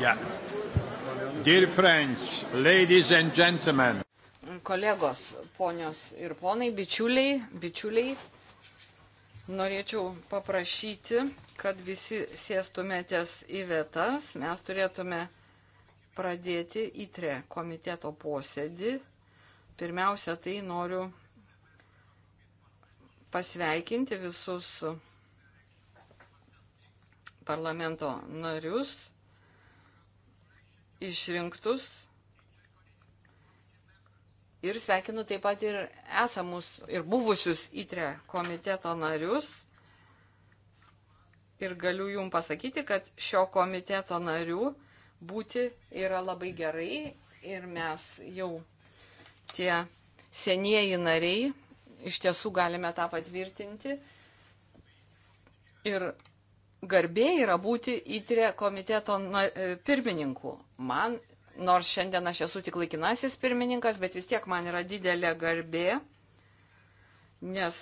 Yeah. Dear friends, ladies and gentlemen. Kolegos, ponios ir ponai, bičiuliai, bičiuliai, norėčiau paprašyti, kad visi sėstumėtės į vietas. Mes turėtume pradėti įtre komiteto posėdį. Pirmiausia, tai noriu pasveikinti visus parlamento narius išrinktus ir sveikinu taip pat ir esamus ir buvusius ITRE komiteto narius. Ir galiu jum pasakyti, kad šio komiteto narių būti yra labai gerai ir mes jau tie senieji nariai iš tiesų galime tą patvirtinti. Ir garbė yra būti įtrė komiteto e, pirmininku man, nors šiandien aš esu tik laikinasis pirmininkas, bet vis tiek man yra didelė garbė, nes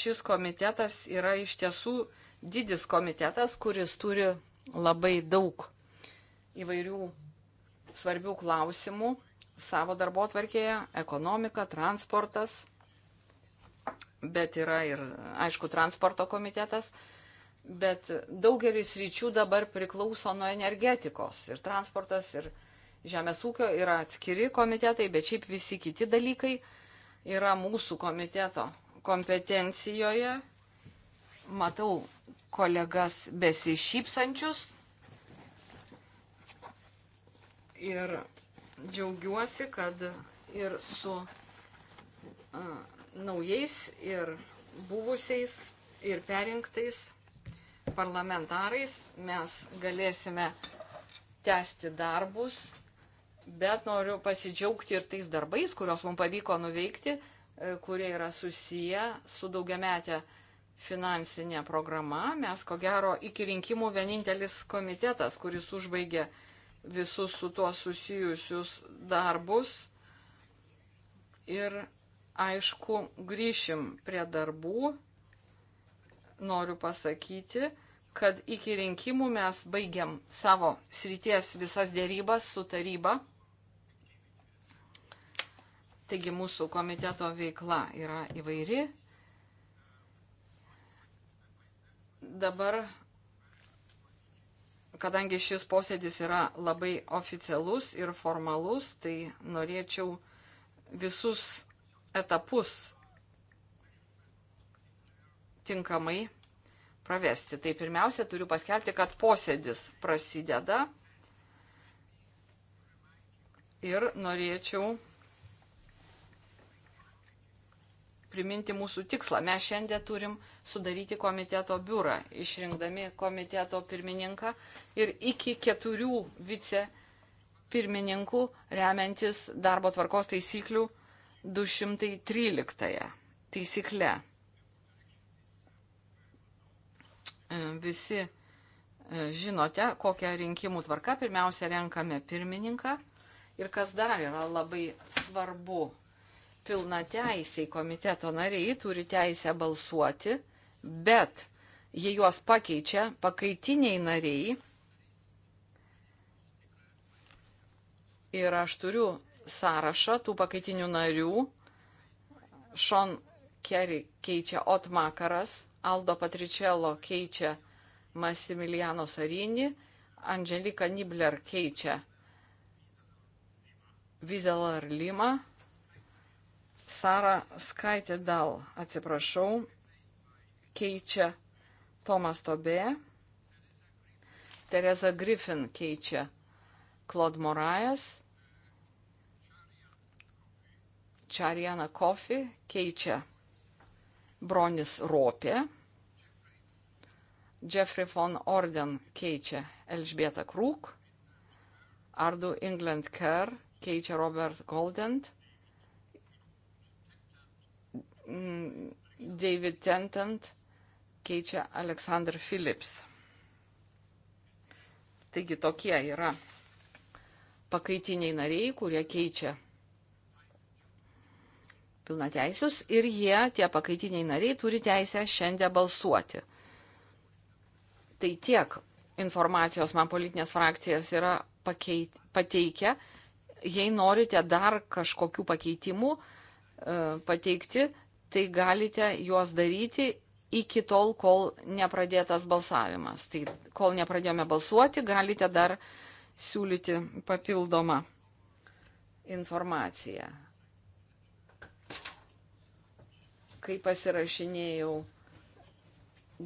šis komitetas yra iš tiesų didis komitetas, kuris turi labai daug įvairių svarbių klausimų savo darbo atvarkėje - ekonomika, transportas, bet yra ir, aišku, transporto komitetas. Bet daugelis ryčių dabar priklauso nuo energetikos. Ir transportas, ir žemės ūkio yra atskiri komitetai, bet šiaip visi kiti dalykai yra mūsų komiteto kompetencijoje. Matau kolegas besišypsančius. Ir džiaugiuosi, kad ir su uh, naujais, ir buvusiais, ir perinktais parlamentarais mes galėsime tęsti darbus, bet noriu pasidžiaugti ir tais darbais, kuriuos mums pavyko nuveikti, e, kurie yra susiję su daugiametė finansinė programa. Mes, ko gero, iki rinkimų vienintelis komitetas, kuris užbaigė visus su tuo susijusius darbus. Ir aišku, grįšim prie darbų noriu pasakyti, kad iki rinkimų mes baigiam savo srities visas dėrybas su taryba. Taigi mūsų komiteto veikla yra įvairi. Dabar, kadangi šis posėdis yra labai oficialus ir formalus, tai norėčiau visus etapus tinkamai pravesti. Tai pirmiausia, turiu paskelbti, kad posėdis prasideda ir norėčiau priminti mūsų tikslą. Mes šiandien turim sudaryti komiteto biurą, išrinkdami komiteto pirmininką ir iki keturių vicepirmininkų remiantis darbo tvarkos taisyklių 213 taisykle. E, visi e, žinote, kokią rinkimų tvarką pirmiausia renkame pirmininką ir kas dar yra labai svarbu. Pilna teisiai komiteto nariai turi teisę balsuoti, bet jei juos pakeičia pakaitiniai nariai, ir aš turiu sąrašą tų pakaitinių narių, Šon Kerry keičia Otmakaras, Aldo Patricello keičia Massimiliano Sarinį, Angelika Nibler keičia Vizelar Lima, Sara Skaitė Dal, atsiprašau, keičia Tomas Tobė, Teresa Griffin keičia Claude Morajas, Čarijana Kofi keičia Bronis Ropė, Jeffrey von Orden keičia Elžbietą Krūk, Ardu England Kerr keičia Robert Goldent, mm, David Tentant keičia Alexander Phillips. Taigi tokie yra pakaitiniai nariai, kurie keičia pilnateisius ir jie, tie pakaitiniai nariai, turi teisę šiandien balsuoti. Tai tiek informacijos man politinės frakcijas yra pakeit, pateikę. Jei norite dar kažkokių pakeitimų e, pateikti, tai galite juos daryti iki tol, kol nepradėtas balsavimas. Tai kol nepradėjome balsuoti, galite dar siūlyti papildomą informaciją. kai pasirašinėjau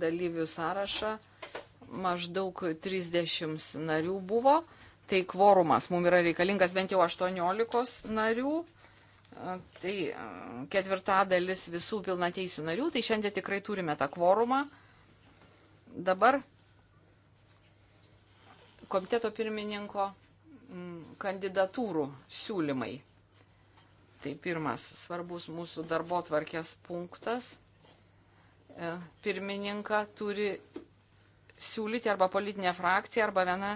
dalyvių sąrašą, maždaug 30 narių buvo. Tai kvorumas mums yra reikalingas bent jau 18 narių. Tai ketvirtadalis visų pilnateisių narių. Tai šiandien tikrai turime tą kvorumą. Dabar komiteto pirmininko kandidatūrų siūlymai. Tai pirmas svarbus mūsų darbo tvarkės punktas. E, pirmininką turi siūlyti arba politinė frakcija, arba viena,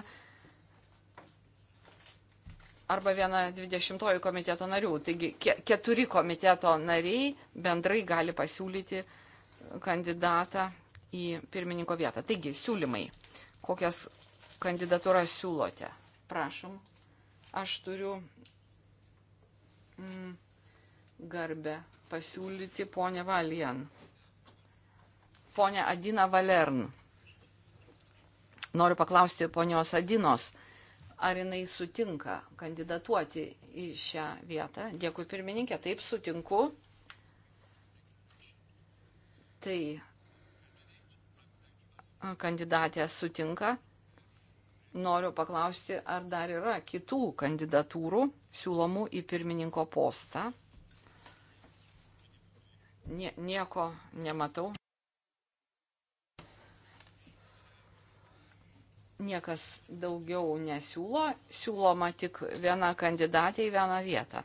arba viena 20 komiteto narių. Taigi keturi komiteto nariai bendrai gali pasiūlyti kandidatą į pirmininko vietą. Taigi, siūlymai. Kokias kandidatūras siūlote? Prašom. Aš turiu mm, garbę pasiūlyti ponę Valian. Pone Adina Valern. Noriu paklausti ponios Adinos, ar jinai sutinka kandidatuoti į šią vietą. Dėkui pirmininkė, taip sutinku. Tai kandidatė sutinka noriu paklausti, ar dar yra kitų kandidatūrų siūlomų į pirmininko postą. Nie, nieko nematau. Niekas daugiau nesiūlo, siūloma tik viena kandidatė į vieną vietą.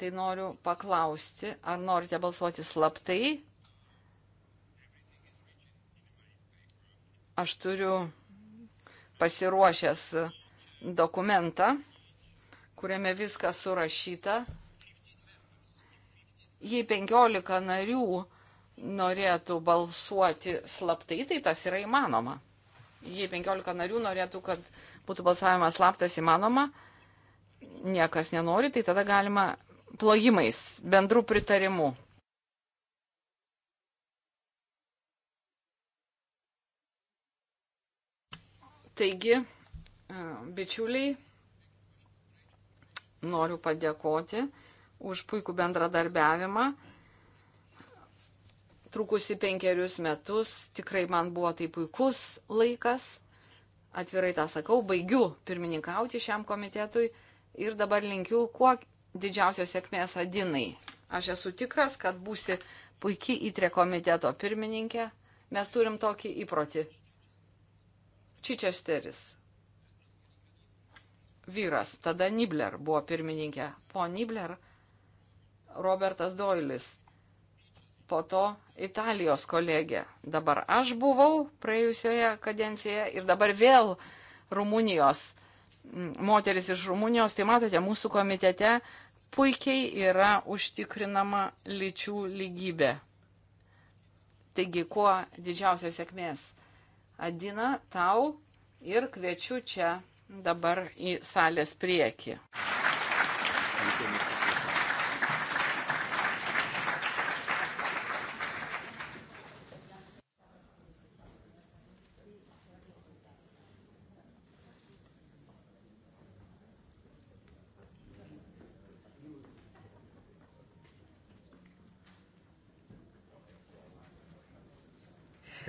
Tai noriu paklausti, ar norite balsuoti slaptai Aš turiu pasiruošęs dokumentą, kuriame viskas surašyta. Jei 15 narių norėtų balsuoti slaptai, tai tas yra įmanoma. Jei 15 narių norėtų, kad būtų balsavimas slaptas įmanoma, niekas nenori, tai tada galima plojimais, bendrų pritarimų Taigi, e, bičiuliai, noriu padėkoti už puikų bendradarbiavimą. Trukusi penkerius metus, tikrai man buvo tai puikus laikas. Atvirai tą sakau, baigiu pirmininkauti šiam komitetui ir dabar linkiu kuo didžiausios sėkmės Adinai. Aš esu tikras, kad būsi puikiai įtrė komiteto pirmininkė. Mes turim tokį įprotį Čičesteris vyras, tada Nibler buvo pirmininkė. Po Nibler Robertas Doilis, po to Italijos kolegė. Dabar aš buvau praėjusioje kadencijoje ir dabar vėl Rumunijos, moteris iš Rumunijos. Tai matote, mūsų komitete puikiai yra užtikrinama lyčių lygybė. Taigi, kuo didžiausios sėkmės Adina, tau ir kviečiu čia dabar į salės priekį.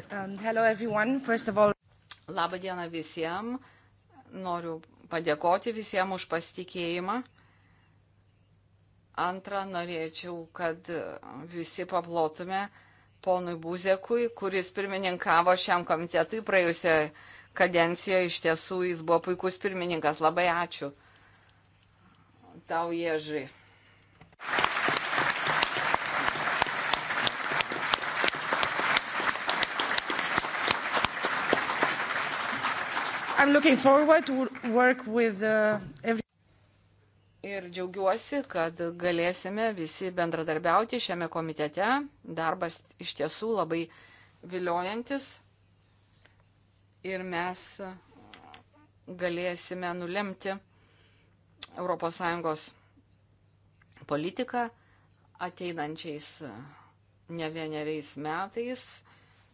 Um, hello everyone, first of all. Labą dieną visiems. Noriu padėkoti visiems už pasitikėjimą. Antra, norėčiau, kad visi paplotume ponui Buzekui, kuris pirmininkavo šiam komitetui praėjusioje kadencijoje. Iš tiesų, jis buvo puikus pirmininkas. Labai ačiū. Tau, Ježai. I'm looking forward to work with uh, every. Ir džiaugiuosi, kad galėsime visi bendradarbiauti šiame komitete. Darbas iš tiesų labai viliojantis. Ir mes galėsime nulemti ES politiką ateinančiais ne vieneriais metais.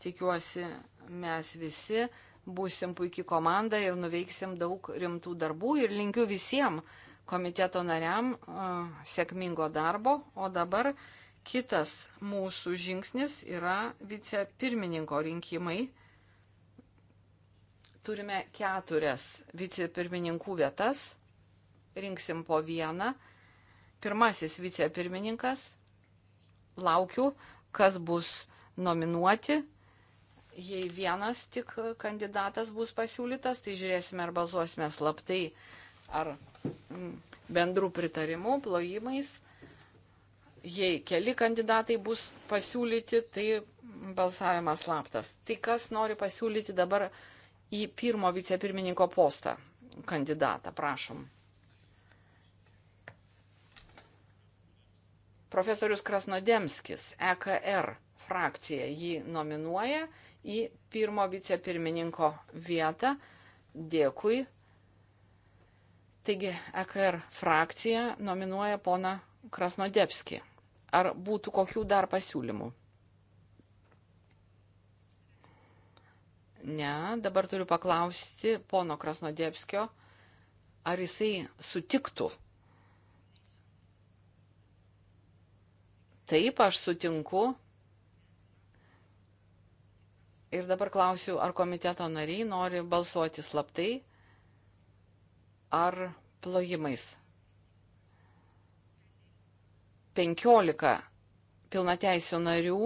Tikiuosi, mes visi būsim puikiai komanda ir nuveiksim daug rimtų darbų ir linkiu visiems komiteto nariam uh, sėkmingo darbo. O dabar kitas mūsų žingsnis yra vicepirmininko rinkimai. Turime keturias vicepirmininkų vietas, rinksim po vieną. Pirmasis vicepirmininkas, laukiu, kas bus nominuoti Jei vienas tik kandidatas bus pasiūlytas, tai žiūrėsime, ar balsuosime slaptai, ar mm, bendrų pritarimų, plojimais. Jei keli kandidatai bus pasiūlyti, tai balsavimas slaptas. Tai kas nori pasiūlyti dabar į pirmo vicepirmininko postą kandidatą, prašom. Profesorius Krasnodemskis, EKR frakcija jį nominuoja į pirmo vicepirmininko vietą. Dėkui. Taigi EKR frakcija nominuoja poną Krasnodepskį. Ar būtų kokių dar pasiūlymų? Ne, dabar turiu paklausti pono Krasnodepskio, ar jisai sutiktų Taip, aš sutinku Ir dabar klausiu, ar komiteto nariai nori balsuoti slaptai ar plojimais. 15 pilnateisių narių.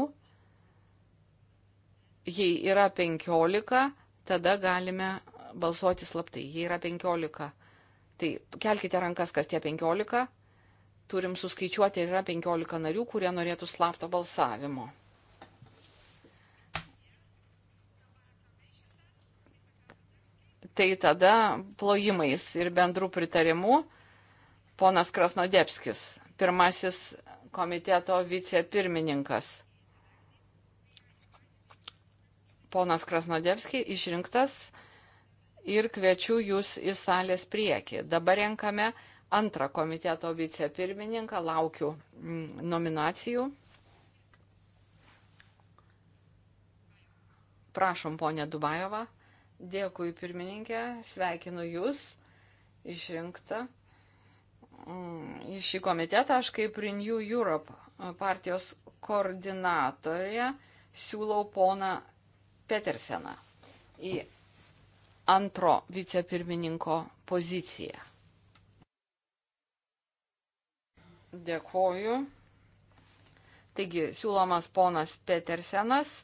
Jei yra 15, tada galime balsuoti slaptai. Jei yra 15, tai kelkite rankas, kas tie 15. Turim suskaičiuoti, ar yra 15 narių, kurie norėtų slapto balsavimo. tai tada plojimais ir bendrų pritarimų ponas Krasnodėpskis, pirmasis komiteto vicepirmininkas. Ponas Krasnodėpskis išrinktas ir kviečiu jūs į salės priekį. Dabar renkame antrą komiteto vicepirmininką, laukiu mm, nominacijų. Prašom, ponė Dubajova. Dėkui pirmininkė, sveikinu Jūs išrinktą. Mm, į šį komitetą aš kaip Renew Europe partijos koordinatorė siūlau poną Peterseną į antro vicepirmininko poziciją. Dėkoju. Taigi, siūlomas ponas Petersenas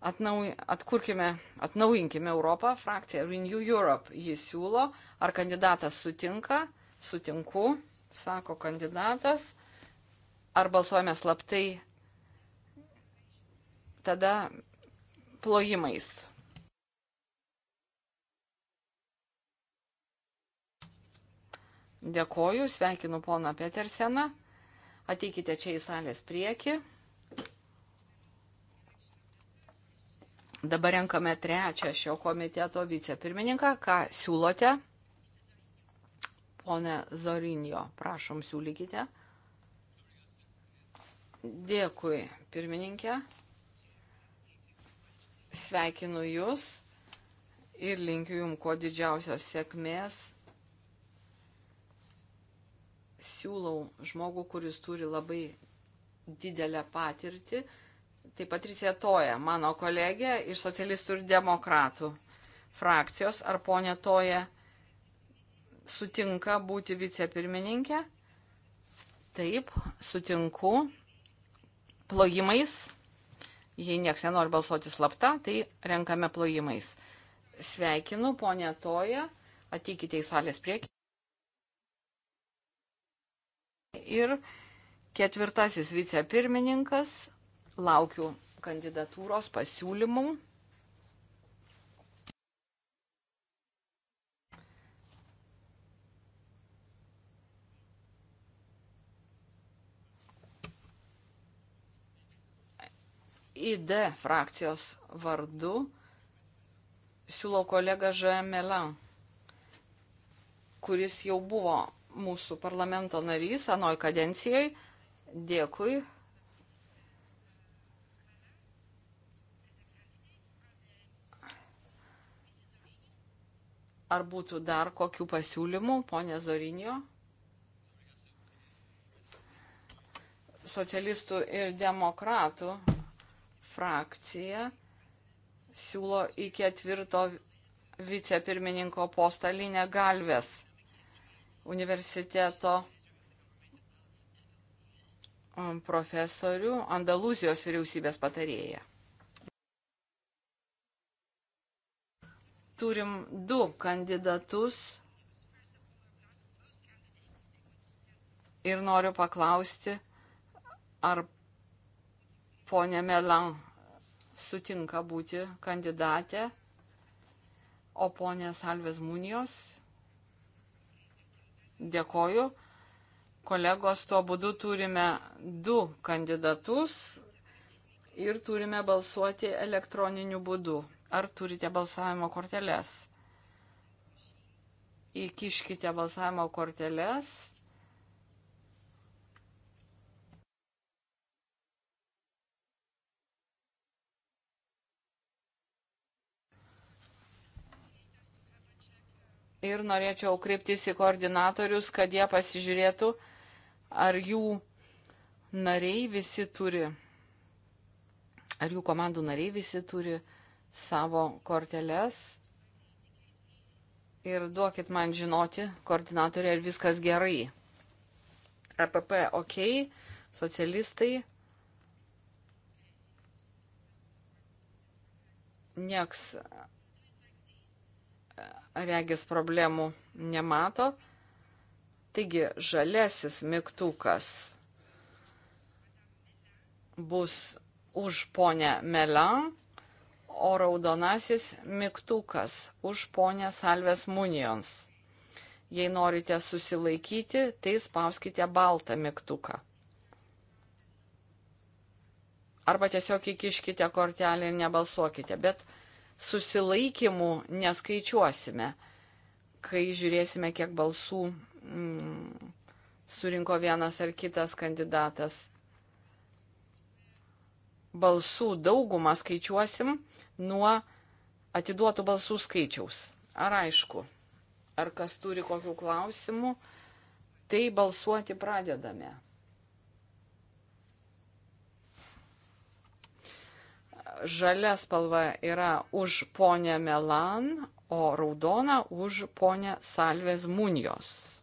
Atnauj, atkurkime, atnaujinkime Europą, frakcija Renew Europe jį siūlo, ar kandidatas sutinka, sutinku, sako kandidatas, ar balsuojame slaptai, tada plojimais. Dėkoju, sveikinu poną Peterseną, ateikite čia į salės priekį. Dabar renkame trečią šio komiteto vicepirmininką. Ką siūlote? Pone Zorinjo, prašom siūlykite. Dėkui, pirmininkė. Sveikinu Jūs ir linkiu Jums kuo didžiausios sėkmės. Siūlau žmogų, kuris turi labai didelę patirtį Tai Patricija Toja, mano kolegė iš socialistų ir demokratų frakcijos. Ar ponė Toja sutinka būti vicepirmininkė? Taip, sutinku. Plojimais. Jei nieks nenori balsuoti slapta, tai renkame plojimais. Sveikinu, ponė Toja. Ateikite į salės priekį. Ir ketvirtasis vicepirmininkas Laukiu kandidatūros pasiūlymų. ID frakcijos vardu siūlau kolegą Žemelą, kuris jau buvo mūsų parlamento narys anoj kadencijai. Dėkui Ar būtų dar kokių pasiūlymų, ponė Zorinio? Socialistų ir demokratų frakcija siūlo į ketvirto vicepirmininko postą Linę Galvės universiteto um, profesorių Andalūzijos vyriausybės patarėją. Turim du kandidatus ir noriu paklausti, ar ponė Melan sutinka būti kandidatė, o ponė Salvės Munijos. Dėkoju. Kolegos, tuo būdu turime du kandidatus ir turime balsuoti elektroniniu būdu ar turite balsavimo korteles. Įkiškite balsavimo korteles. Ir norėčiau kreiptis į koordinatorius, kad jie pasižiūrėtų, ar jų nariai visi turi, ar jų komandų nariai visi turi uh, savo korteles ir duokit man žinoti, koordinatorė, ar viskas gerai. EPP ok, socialistai. Nieks e, regis problemų nemato. Taigi žalesis mygtukas bus už ponę Melan o raudonasis mygtukas už ponę Salves Munions. Jei norite susilaikyti, tai spauskite baltą mygtuką. Arba tiesiog įkiškite kortelę ir nebalsuokite, bet susilaikymų neskaičiuosime, kai žiūrėsime, kiek balsų mm, surinko vienas ar kitas kandidatas balsų daugumą skaičiuosim nuo atiduotų balsų skaičiaus. Ar aišku, ar kas turi kokių klausimų, tai balsuoti pradedame. Žalia spalva yra už ponę Melan, o raudona už ponę Salvės Munijos.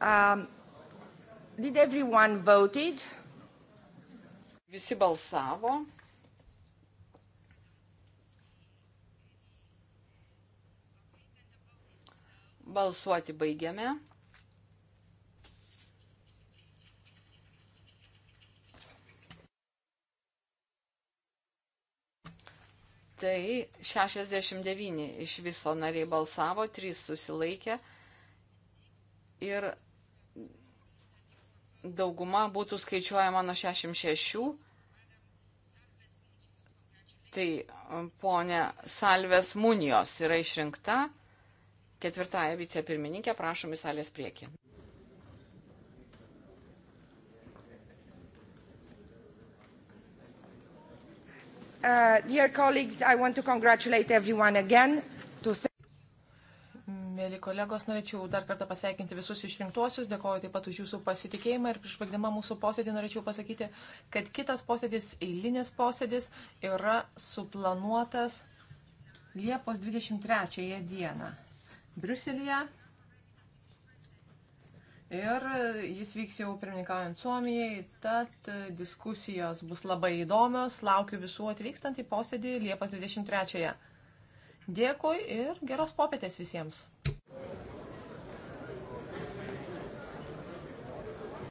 Um, did everyone voted? Visi balsavo. Balsuoti baigiame. Tai 69 iš viso nariai balsavo, 3 susilaikė ir dauguma būtų skaičiuojama nuo 66. Tai e, ponė Salves Munijos yra išrinkta ketvirtąją vicepirmininkę, prašom į salės priekį. Uh, dear colleagues, I want to congratulate everyone again. To... Mėly kolegos, norėčiau dar kartą pasveikinti visus išrinktuosius, dėkoju taip pat už jūsų pasitikėjimą ir prieš baigdama mūsų posėdį norėčiau pasakyti, kad kitas posėdis, eilinis posėdis, yra suplanuotas Liepos 23 dieną Briuselėje. Ir jis vyks jau pirmininkaujant Suomijai, tad diskusijos bus labai įdomios, laukiu visų atvykstant į posėdį Liepos 23. -ąją. Dėkui ir geros popietės visiems.